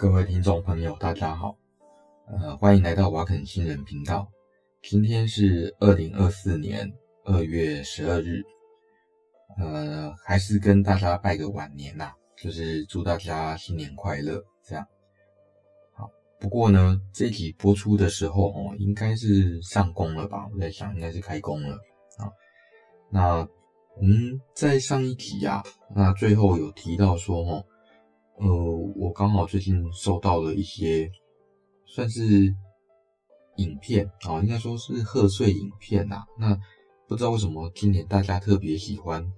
各位聽眾朋友，大家好，呃，歡迎來到瓦肯新人頻道。今天是二零二四年二月十二日，呃，還是跟大家拜個晚年啦、啊、就是祝大家新年快樂，這樣。好，不過呢，這一集播出的時候哦，應該是上工了吧？我在想，應該是開工了啊。那我們在上一集呀、啊，那最後有提到說哦。呃，我剛好最近收到了一些算是影片啊、哦，應該說是賀歲影片吶、啊。那不知道為什麼今年大家特別喜歡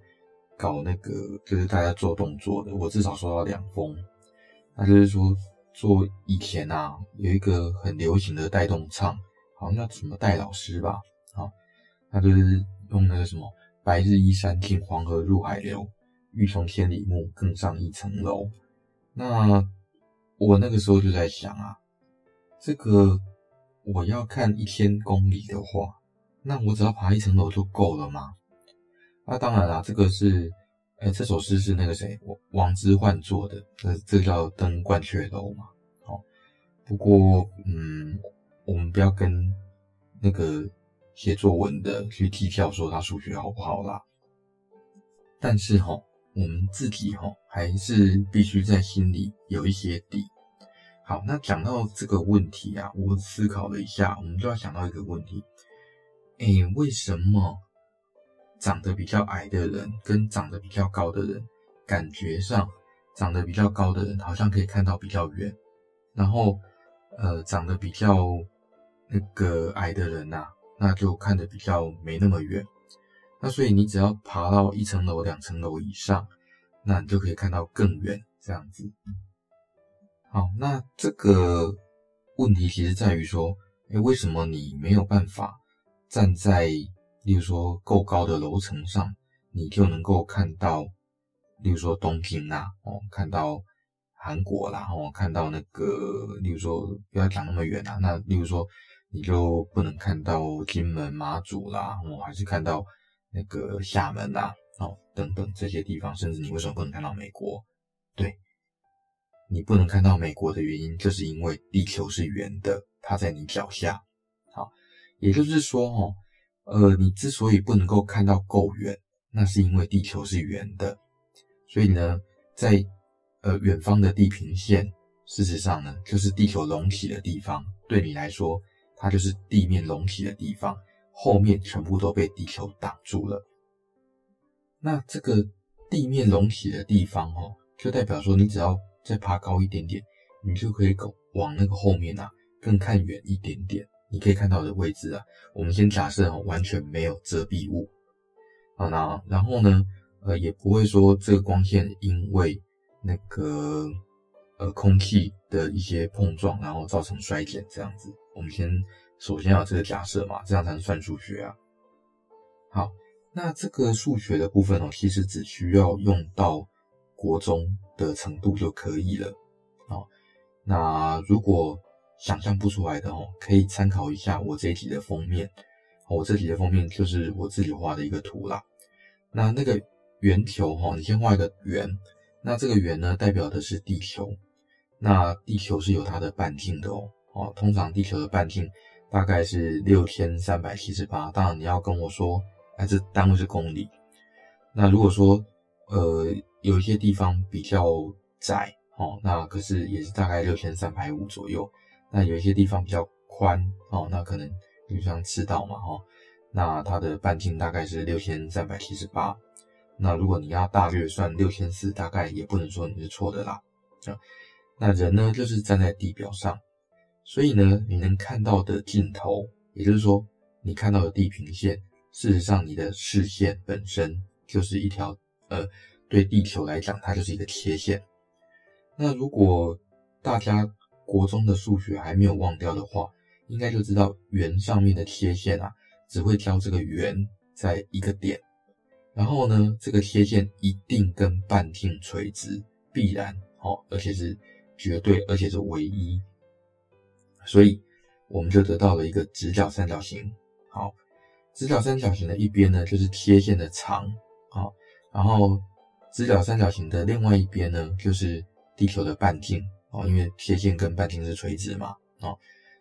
搞那個，就是大家做動作的。我至少收到兩封，那就是說做以前吶、啊、有一個很流行的帶動唱，好像叫什麼戴老師吧，啊、哦，那就是用那個什麼“白日依山盡，黃河入海流，欲窮千里目，更上一層樓”。那我那個時候就在想啊，這個我要看一千公里的話，那我只要爬一層樓就夠了嗎？那、啊、當然啦、啊，這個是，誒、欸、這首詩是那個誰，王之渙作的，呃、這這個、叫《登鸛雀樓》嘛。好、哦，不過嗯，我們不要跟那個寫作文的去計較說他數學好不好啦。但是哈、哦。我們自己齁還是必須在心裡有一些底。好，那講到這個問題啊，我思考了一下，我們就要想到一個問題，哎、欸，為什麼長得比較矮的人跟長得比較高的人，感覺上長得比較高的人好像可以看到比較遠，然後呃長得比較那個矮的人吶、啊，那就看得比較沒那麼遠。那所以你只要爬到一層樓、兩層樓以上，那你就可以看到更遠這樣子。好，那這個問題其實在於說，誒，為什麼你沒有辦法站在，例如說夠高的樓層上，你就能夠看到，例如說東京啊，哦，看到韓國啦，哦，看到那個，例如說不要講那麼遠啦，那例如說你就不能看到金門、馬祖啦，我、哦、還是看到。那個廈門吶、啊，哦，等等這些地方，甚至你為什麼不能看到美國？對，你不能看到美國的原因，就是因為地球是圓的，它在你腳下。好，也就是說，哦，呃，你之所以不能夠看到夠遠，那是因為地球是圓的。所以呢，在呃遠方的地平線，事實上呢，就是地球隆起的地方，對你來說，它就是地面隆起的地方。後面全部都被地球擋住了。那這個地面隆起的地方、喔，哦，就代表說你只要再爬高一點點，你就可以往那個後面啊，更看遠一點點。你可以看到的位置啊，我們先假設哦、喔，完全沒有遮蔽物。好，那然，然後呢，呃，也不會說這個光線因為那個呃空氣的一些碰撞，然後造成衰減這樣子。我們先。首先要、啊、這個假設嘛，這樣才能算數學啊。好，那這個數學的部分哦、喔，其實只需要用到國中的程度就可以了哦，那如果想象不出來的哦、喔，可以參考一下我這一集的封面。我這一集的封面就是我自己畫的一個圖啦。那那個圓球哈、喔，你先畫一個圓。那這個圓呢，代表的是地球。那地球是有它的半徑的哦、喔。哦，通常地球的半徑。大概是六千三百七十八，當然你要跟我說，哎，這單位是公里。那如果說，呃，有一些地方比較窄，哦，那可是也是大概六千三百五左右。那有一些地方比較寬，哦，那可能，比如像赤道嘛，哦，那它的半徑大概是六千三百七十八。那如果你要大約算六千四，大概也不能說你是錯的啦。啊，那人呢，就是站在地表上。所以呢，你能看到的盡頭，也就是說，你看到的地平線，事實上，你的視線本身就是一條呃，對地球來講，它就是一個切線。那如果大家國中的數學還沒有忘掉的話，應該就知道圓上面的切線啊，只會交這個圓在一個點。然後呢，這個切線一定跟半徑垂直，必然哦，而且是絕對，而且是唯一。所以我們就得到了一個直角三角形。好，直角三角形的一邊呢就是切線的長啊，然後直角三角形的另外一邊呢就是地球的半徑哦，因為切線跟半徑是垂直嘛啊，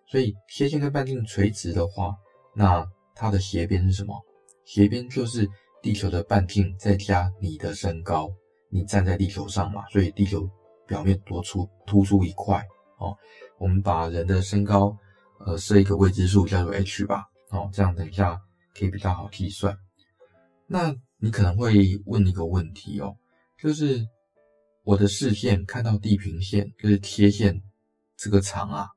所以切線跟半徑垂直的話，那它的斜邊是什麼？斜邊就是地球的半徑再加你的身高。你站在地球上嘛，所以地球表面多出突出突出一塊哦。我們把人的身高，呃，設一個未知數，叫做 h 吧。哦，這樣等一下可以比較好計算。那你可能會問一個問題哦，就是我的視線看到地平線，就是切線這個長啊，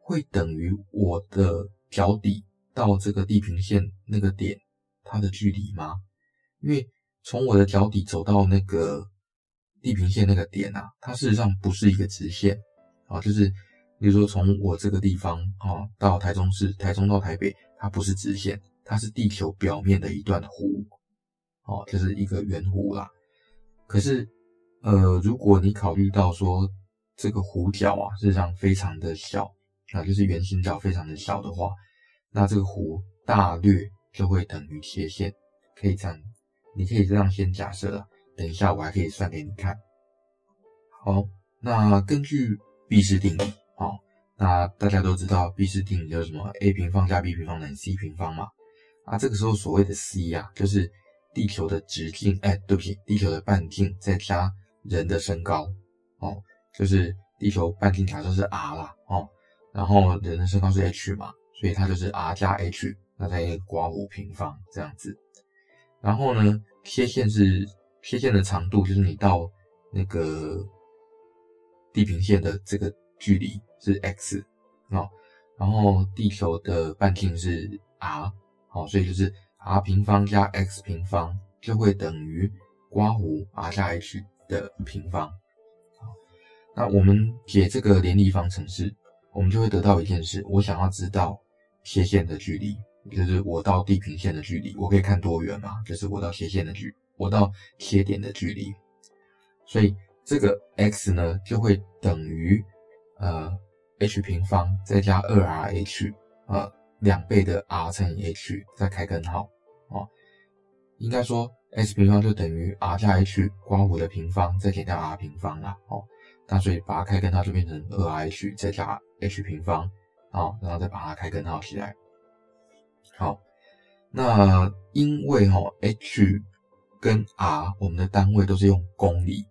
會等於我的腳底到這個地平線那個點它的距離嗎？因為從我的腳底走到那個地平線那個點啊，它事實上不是一個直線啊，哦，就是。比如說，從我這個地方啊，到台中市，台中到台北，它不是直線，它是地球表面的一段弧，哦，就是一個圓弧啦。可是，呃，如果你考慮到說這個弧角啊，實際上非常的小，啊，就是圓形角非常的小的話，那這個弧大略就會等於切線，可以這樣，你可以這樣先假設啊，等一下我還可以算給你看。好，那根據畢氏定理。哦，那大家都知道畢氏定理，就是什麼 a 平方加 b 平方等於 c 平方嘛。啊，這個時候所謂的 c 啊，就是地球的直徑，哎，對不起，地球的半徑再加人的身高，哦，就是地球半徑假設是 r 啦，哦，然後人的身高是 h 嘛，所以它就是 r 加 h，那再刮五平方這樣子。然後呢，切線是切線的長度，就是你到那個地平線的這個。距離是 x，哦，然後地球的半徑是 r，好，所以就是 r 平方加 x 平方就會等於括弧 r 加 h 的平方。那我們解這個聯立方程式，我們就會得到一件事：我想要知道切線的距離，就是我到地平線的距離，我可以看多遠嘛？就是我到切線的距，我到切點的距離。所以這個 x 呢，就會等於。呃，h 平方再加二 r h，呃，兩倍的 r 乘以 h 再開根號，哦，應該說 s 平方就等於 r 加 h 括弧的平方再減掉 r 平方啦。哦，那所以把它開根號就變成二 r h 再加 h 平方，好、哦，然後再把它開根號起來，好、哦，那因為哈、哦、h 跟 r 我們的單位都是用公里，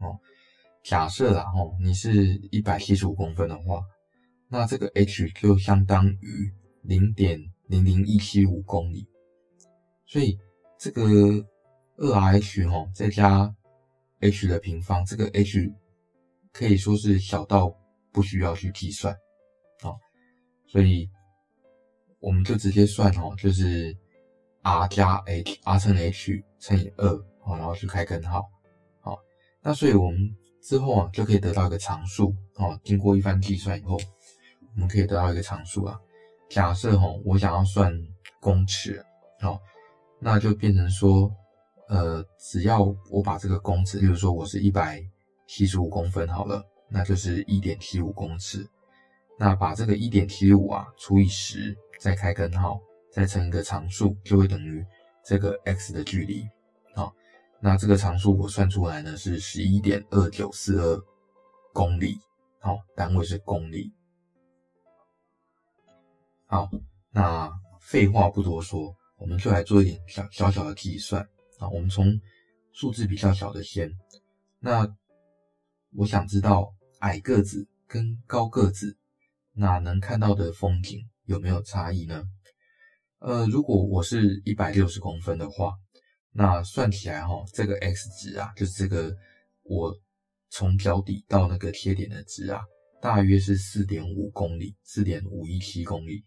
哦。假設啦，吼，你是一百七十五公分的話，那這個 h 就相當於零點零零一七五公里，所以這個二 rh 哦，再加 h 的平方，這個 h 可以說是小到不需要去計算啊，所以我們就直接算哦，就是 r 加 h，r 乘 h 乘以二哦，h、2，然後去開根號好，那所以我們。之後啊，就可以得到一個常數哦。經過一番計算以後，我們可以得到一個常數啊。假設吼，我想要算公尺哦，那就變成說，呃，只要我把這個公尺，就是說我是一百七十五公分好了，那就是一點七五公尺。那把這個一點七五啊除以十，再開根號，再乘一個常數，就會等於這個 x 的距離。那這個常數我算出來呢是十一點二九四二公里，好，單位是公里。好，那廢話不多說，我們就來做一點小小小的計算啊。我們從數字比較小的先。那我想知道矮個子跟高個子那能看到的風景有沒有差異呢？呃，如果我是一百六十公分的話。那算起來哈，這個 x 值啊，就是這個我從腳底到那個切點的值啊，大約是四點五公里，四點五一七公里，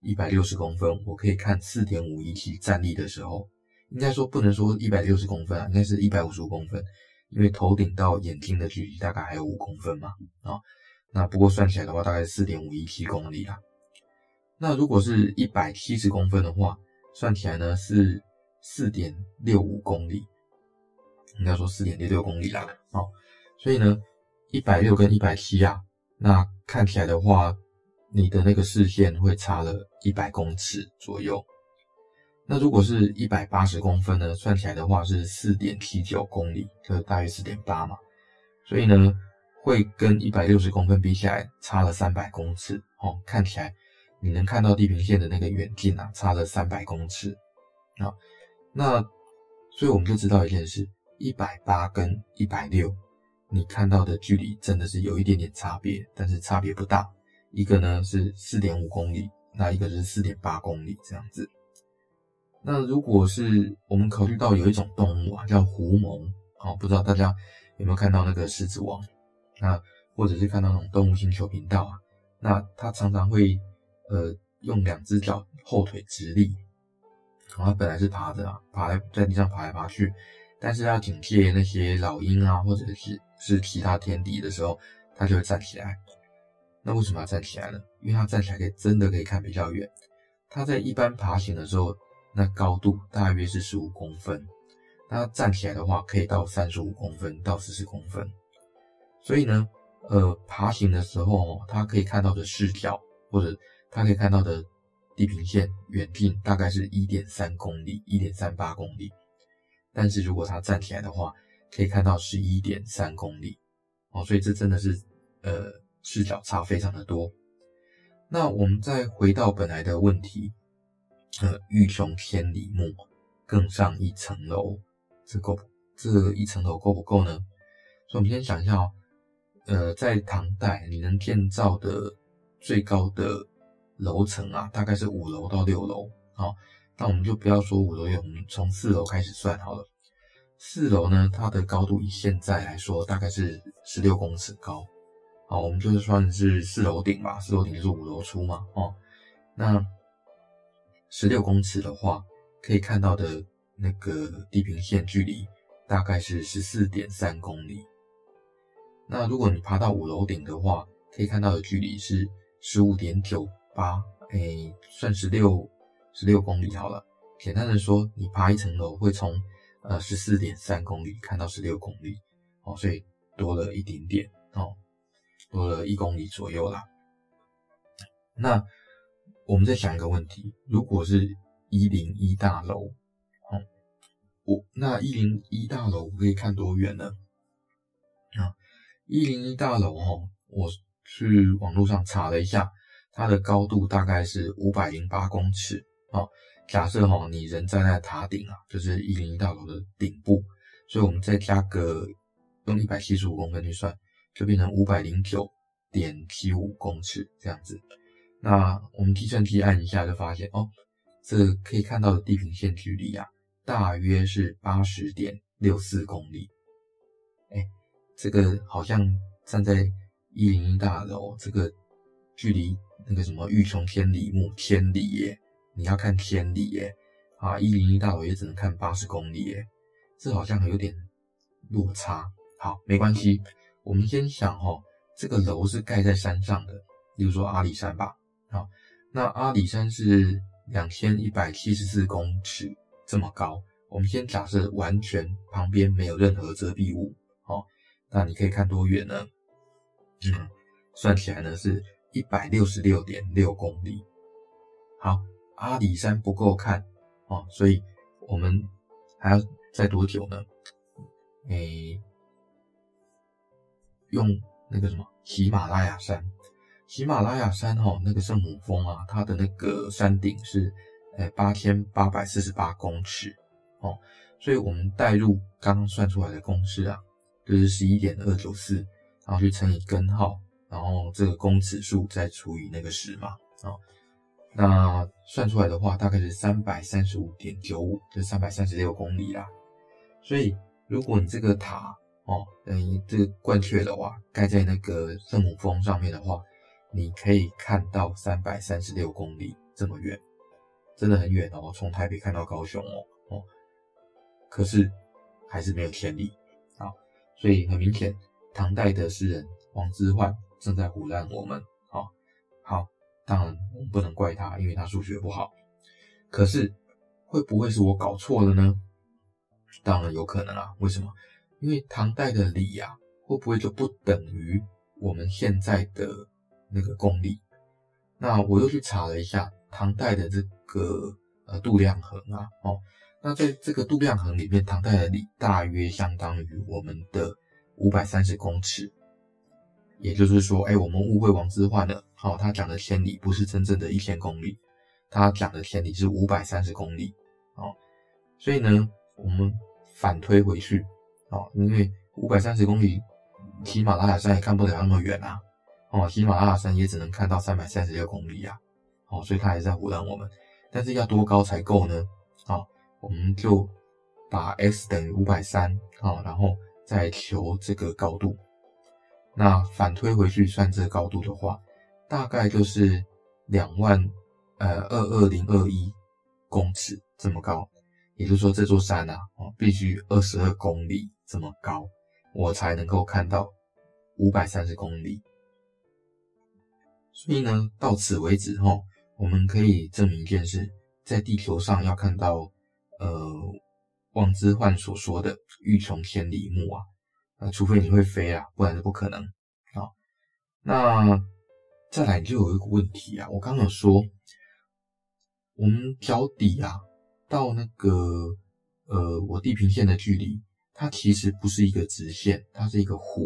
一百六十公分。我可以看四點五一七，站立的時候，應該說不能說一百六十公分啊，應該是一百五十五公分，因為頭頂到眼睛的距離大概還有五公分嘛啊、哦。那不過算起來的話，大概四點五一七公里啊。那如果是一百七十公分的話，算起來呢是。四點六五公里，應該說四點六六公里啦、啊。好、哦，所以呢，一百六跟一百七啊，那看起來的話，你的那個視線會差了一百公尺左右。那如果是一百八十公分呢，算起來的話是四點七九公里，就是、大約四點八嘛。所以呢，會跟一百六十公分比起來差了三百公尺。哦，看起來你能看到地平線的那個遠近啊，差了三百公尺啊。哦那，所以我們就知道一件事：一百八跟一百六，你看到的距離真的是有一點點差別，但是差別不大。一個呢是四點五公里，那一個是四點八公里這樣子。那如果是我們考慮到有一種動物啊，叫狐獴啊，不知道大家有沒有看到那個獅子王，那或者是看到那種動物星球頻道啊，那它常常會呃用兩隻腳後腿直立。它本來是爬着啊，爬在在地上爬來爬去，但是要警戒那些老鷹啊，或者是是其他天敵的時候，它就會站起來。那為什麼要站起來呢？因為它站起來可以真的可以看比較遠。它在一般爬行的時候，那高度大約是十五公分，那站起來的話可以到三十五公分到四十公分。所以呢，呃，爬行的時候，它可以看到的視角，或者它可以看到的。地平線遠近大概是一點三公里，一點三八公里。但是如果他站起來的話，可以看到十一點三公里哦，所以這真的是呃視角差非常的多。那我們再回到本來的問題，呃，欲窮千里目，更上一層樓，這夠這一層樓夠不夠呢？所以我們先想一下，哦，呃，在唐代你能建造的最高的樓層啊，大概是五樓到六樓啊。那，哦，我們就不要說五樓，因為我們從四樓開始算好了。四樓呢，它的高度以現在來說大概是十六公尺高。好，我們就是算是四樓頂吧，四樓頂就是五樓出嘛。哦，那十六公尺的話，可以看到的那個地平線距離大概是十四點三公里。那如果你爬到五樓頂的話，可以看到的距離是十五點九。八哎、欸，算十六十六公里好了。簡單的說，你爬一層樓會從呃十四點三公里看到十六公里哦，所以多了一點點哦，多了一公里左右啦。那我們再想一個問題：如果是一零一大樓，哦，我那一零一大樓我可以看多遠呢？啊、哦，一零一大樓哦，我去網絡上查了一下。它的高度大概是五百零八公尺哦，假設哈、哦，你人站在塔頂啊，就是一零一大樓的頂部，所以我們再加個用一百七十五公分去算，就變成五百零九點七五公尺這樣子。那我們計算機按一下，就發現哦，這個、可以看到的地平線距離啊，大約是八十點六四公里。哎、欸，這個好像站在一零一大樓這個距離。那個什麼，欲窮千里目，千里耶！你要看千里耶，啊，一零一大樓也只能看八十公里耶，這好像有點落差。好，沒關係，我們先想哦，這個樓是蓋在山上的，比如說阿里山吧，好，那阿里山是兩千一百七十四公尺這麼高，我們先假設完全旁邊沒有任何遮蔽物，好，那你可以看多遠呢？嗯，算起來呢是。一百六十六點六公里，好，阿里山不夠看哦，所以我們還要再多久呢？誒、欸。用那個什麼喜馬拉雅山，喜馬拉雅山哈、哦，那個聖母峰啊，它的那個山頂是哎八千八百四十八公尺哦，所以我們代入剛剛算出來的公式啊，就是十一點二九四，然後去乘以根號。然後這個公尺數再除以那個十嘛，啊、哦，那算出來的話大概是三百三十五點九五，就三百三十六公里啦。所以如果你這個塔哦，等於這鸛雀的話，蓋在那個聖母峰上面的話，你可以看到三百三十六公里這麼遠，真的很遠哦。從台北看到高雄哦，哦，可是還是沒有千里啊，所以很明顯，唐代的詩人王之渙。正在唬爛我們，好、哦、好，當然我們不能怪他，因為他數學不好。可是會不會是我搞錯了呢？當然有可能啊。為什麼？因為唐代的里呀、啊，會不會就不等於我們現在的那個公里？那我又去查了一下唐代的這個呃度量衡啊，哦，那在這個度量衡裡面，唐代的里大約相當於我們的五百三十公尺。也就是說，哎、欸，我們誤會王之渙了。哦，他講的千里不是真正的一千公里，他講的千里是五百三十公里。哦。所以呢，我們反推回去，哦，因為五百三十公里，喜馬拉雅山也看不了那麼遠啊。哦，喜馬拉雅山也只能看到三百三十六公里呀、啊。哦，所以他也在唬弄我們。但是要多高才夠呢？哦，我們就把 x 等於五百三，好，然後再求這個高度。那反推回去算這高度的話，大概就是兩萬，呃，二二零二一公尺這麼高。也就是說，這座山啊，哦，必須二十二公里這麼高，我才能夠看到五百三十公里。所以呢，到此為止，吼，我們可以證明一件事：在地球上要看到，呃，王之渙所說的“欲窮千里目”啊。那、呃、除非你會飛啊，不然是不可能啊、哦。那再來你就有一個問題啊，我剛剛有說，我們腳底啊到那個呃我地平線的距離，它其實不是一個直線，它是一個弧。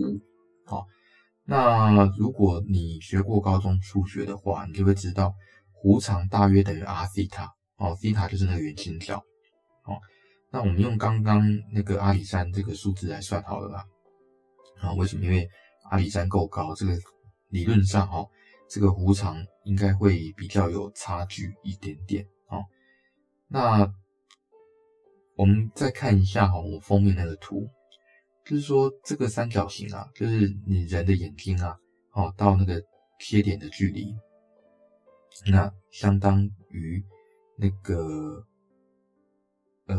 好、哦，那如果你學過高中數學的話，你就會知道弧長大約等於阿西塔哦，西塔就是那個圓心角。哦，那我們用剛剛那個阿里山這個數字來算好了吧。啊、哦，為什麼？因為阿里山夠高，這個理論上哦，這個弧長應該會比較有差距一點點哦。那我們再看一下哈、哦，我封面那個圖，就是說這個三角形啊，就是你人的眼睛啊，哦，到那個切點的距離，那相當於那個呃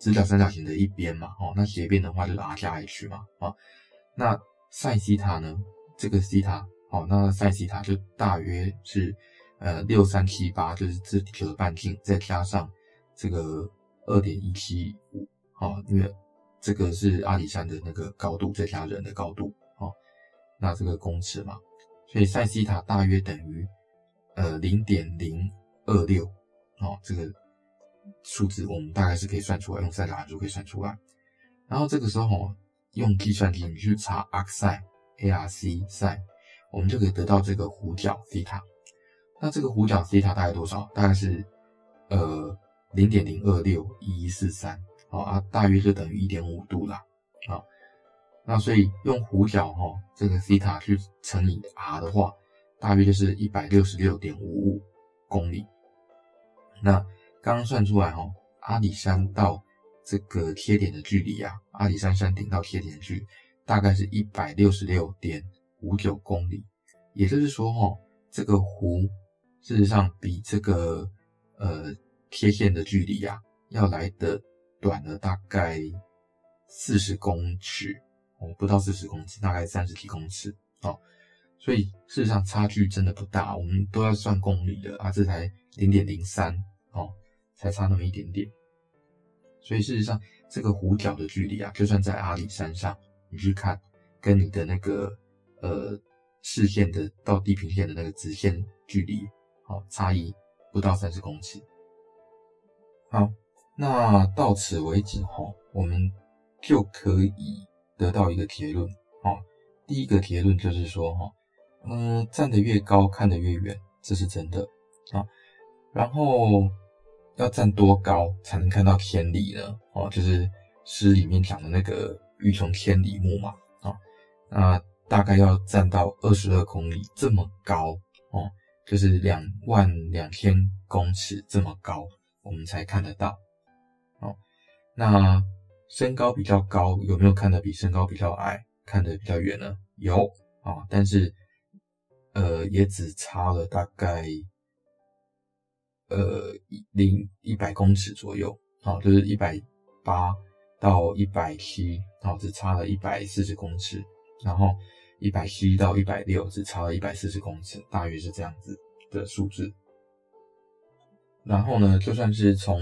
直角三角形的一邊嘛，哦，那斜邊的話就是 R 加 H 嘛，啊、哦。那賽西塔呢？這個西塔好、哦，那賽西塔就大約是呃六三七八，6, 3, 7, 8, 就是地球的半徑，再加上這個二點一七五啊，因為這個是阿里山的那個高度，再加人的高度啊、哦，那這個公尺嘛，所以賽西塔大約等於呃零點零二六啊，這個數字我們大概是可以算出來，用三角函數可以算出來，然後這個時候。用計算機，你去查 arcsin，arcsin，我們就可以得到這個弧角 theta。那這個弧角 theta 大概多少？大概是呃零點零二六一一四三，哦、喔，啊，大約就等於一點五度啦。啊、喔，那所以用弧角哦，這個 theta 去乘以 r 的話，大約就是一百六十六點五五公里。那剛算出來哦、喔，阿里山到這個切點的距離啊，阿里山山頂到切點距大概是一百六十六點五九公里，也就是說，哈，這個弧事實上比這個呃切線的距離啊要來的短了大概四十公尺哦，不到四十公尺，大概三十幾公尺哦，所以事實上差距真的不大，我們都要算公里了啊，這才零點零三哦，才差那麼一點點。所以事實上，這個弧角的距離啊，就算在阿里山上，你去看，跟你的那個呃視線的到地平線的那個直線距離，哦，差異不到三十公尺。好，那到此為止哈，哦，我們就可以得到一個結論，好，哦，第一個結論就是說哈，嗯，哦呃，站得越高，看得越遠，這是真的啊，哦，然後。要站多高才能看到千里呢？哦，就是詩裡面講的那個欲窮千里目嘛啊，哦，那大概要站到二十二公里這麼高哦，就是兩萬兩千公尺這麼高，我們才看得到哦。那身高比較高有沒有看得比身高比較矮看得比較遠呢？有啊，哦，但是呃也只差了大概。呃，一零一百公尺左右，好、哦，就是一百八到一百七，好、哦，只差了一百四十公尺，然後一百七到一百六只差了一百四十公尺，大約是這樣子的數字。然後呢，就算是從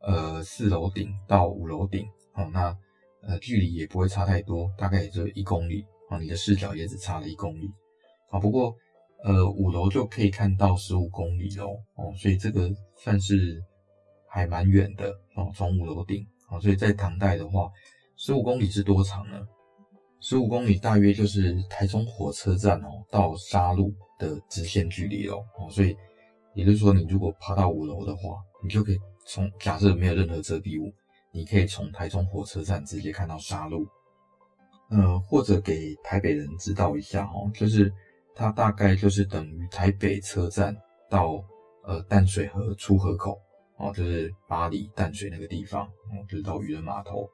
呃四樓頂到五樓頂，好、哦，那呃距離也不會差太多，大概也就一公里，好、哦，你的視角也只差了一公里，好、哦，不過。呃，五樓就可以看到十五公里咯，哦，所以這個算是還蠻遠的哦。從五樓頂哦，所以在唐代的話，十五公里是多長呢？十五公里大約就是台中火車站哦到沙鹿的直線距離咯、哦。哦，所以也就是說，你如果爬到五樓的話，你就可以從假設沒有任何遮蔽物，你可以從台中火車站直接看到沙鹿。呃，或者給台北人知道一下哦，就是。它大概就是等於台北車站到呃淡水河出河口哦，就是八里淡水那個地方哦，就是到漁人碼頭，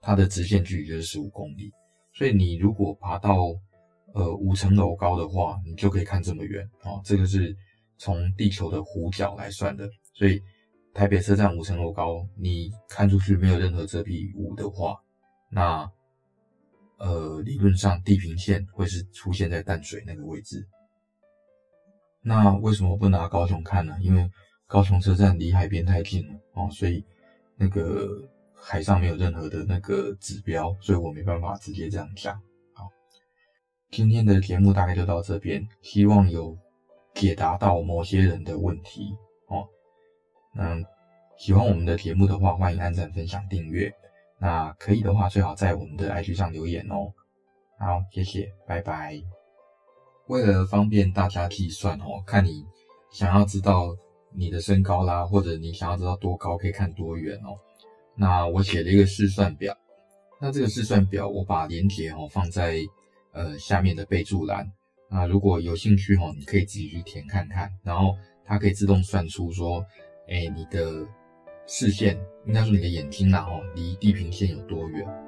它的直線距離就是十五公里。所以你如果爬到呃五層樓高的話，你就可以看這麼遠哦。這個是從地球的弧角來算的，所以台北車站五層樓高，你看出去沒有任何遮蔽物的話，那。呃，理論上地平線會是出現在淡水那個位置。那為什麼不拿高雄看呢？因為高雄車站離海邊太近了哦，所以那個海上沒有任何的那個指標，所以我沒辦法直接這樣講。好，今天的節目大概就到這邊，希望有解答到某些人的問題哦。嗯，喜歡我們的節目的話，歡迎按讚、分享、訂閱。那可以的話，最好在我們的 IG 上留言哦、喔。好，謝謝，拜拜。為了方便大家計算哦、喔，看你想要知道你的身高啦，或者你想要知道多高可以看多遠哦、喔。那我寫了一個試算表，那這個試算表我把鏈接哦放在呃下面的備註欄。那如果有興趣哦、喔，你可以自己去填看看，然後它可以自動算出說，哎、欸，你的。視線，應該說你的眼睛，然後離地平線有多遠？